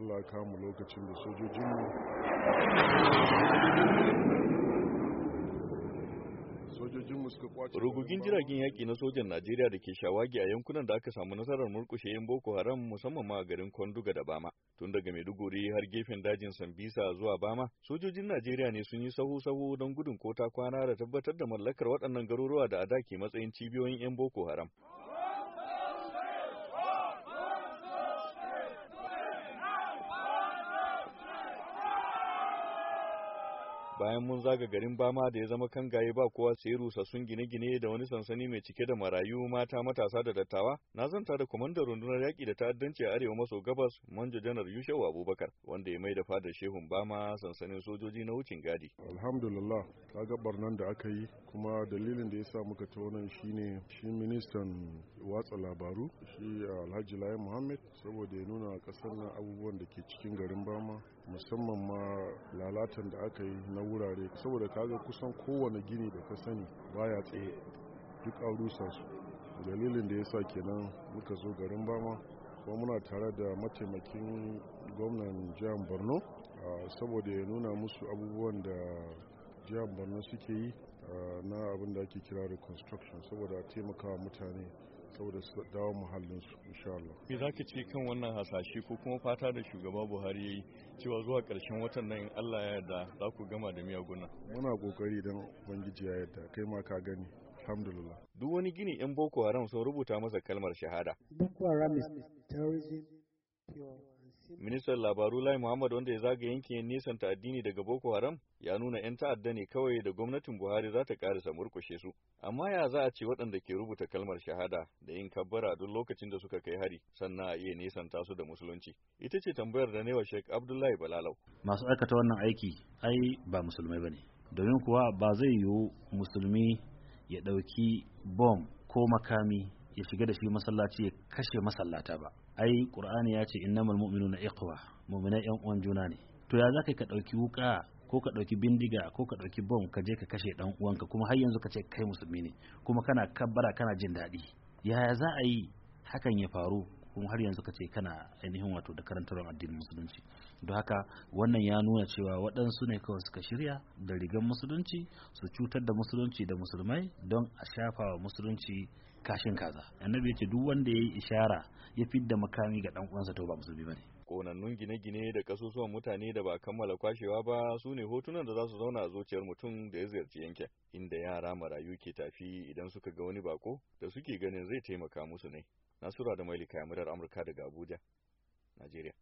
Allah lokacin da sojojinmu rugugin jiragen yaƙi na sojan Najeriya da ke shawagi a yankunan da aka samu nasarar murkushe yan Boko Haram musamman ma garin Kwanduga da Bama tun daga Maiduguri har gefen dajin Sambisa zuwa Bama sojojin Najeriya ne sun yi sahu sahu don gudun kota kwana da tabbatar da mallakar waɗannan garuruwa da ada ke matsayin cibiyoyin yan Boko Haram bayan mun zaga garin bama da ya zama kan gaye ba kowa sai rusassun gine-gine da wani sansani mai cike da marayu mata matasa da dattawa na zanta da kwamandan rundunar yaƙi da ta'addanci a arewa maso gabas manjo janar yushewu abubakar wanda ya mai da fadar shehun bama sansanin sojoji na wucin gadi alhamdulillah ta gabar nan da aka yi kuma dalilin da ya sa muka ta wannan shine shi ministan watsa labaru shi alhaji layi muhammad saboda ya nuna kasar nan abubuwan da ke cikin garin bama musamman ma lalatan da aka yi na wurare saboda kaga kusan kowane gini da ka sani baya tsaye duk an rusa su dalilin da ya sa kenan muka zo garin bama kuma muna tare da mataimakin gwamnan jihar borno saboda ya nuna musu abubuwan da jihar borno suke yi na abin da ake kira reconstruction saboda taimakawa mutane saboda su dawo muhallinsu insha Allah. Me za ka ce kan wannan hasashe ko kuma fata da shugaba Buhari ya yi cewa zuwa ƙarshen watan nan in Allah ya yarda za ku gama da miyagunan. Muna ƙoƙari don Ubangiji ya yarda kai ma ka gani. Alhamdulillah. Duk wani gini 'yan Boko Haram sun rubuta masa kalmar shahada. Boko Haram is terrorism pure. Ministan labaru Lai Muhammad wanda ya zaga yankin nisan ta addini daga Boko Haram ya nuna 'yan ta'adda ne kawai da gwamnatin Buhari za ta karisa murkushe su. Amma ya za a ce waɗanda ke rubuta kalmar shahada da yin kabbara duk lokacin da suka kai hari sannan a iya nisan su da musulunci. Ita ce tambayar da newa Sheikh Abdullahi Balalau. Masu aikata wannan aiki ai ba musulmai bane. Domin kuwa ba zai yiwu musulmi ya ɗauki bom ko makami ya shiga da shi masallaci ya kashe masallata ba ai qur'ani ya ce innamal mu'minuna iqwa mu'minai yan uwan juna ne to ya zaka ka dauki wuka ko ka dauki bindiga ko ka dauki bom ka je ka kashe dan uwanka kuma har yanzu ka ce kai musulmi ne kuma kana kabbara kana jin daɗi yaya za a yi hakan ya faru kuma har yanzu ka ce kana ainihin wato da karantarwar addinin musulunci don haka wannan ya nuna cewa waɗansu ne kawai suka shirya da rigar musulunci su cutar da musulunci da musulmai don a shafa wa musulunci kashin kaza annabi ya ce duk wanda ya yi ishara ya fidda makami ga dan uwansa to ba musulmi bane konannun gine-gine da kasusuwan mutane da ba kammala kwashewa ba su ne hotunan da za su zauna a zuciyar mutum da ya ziyarci yankin inda yara marayu ke tafi idan suka ga wani bako da suke ganin zai taimaka musu ne Nasura da Mailika murar Amurka daga Abuja, Najeriya.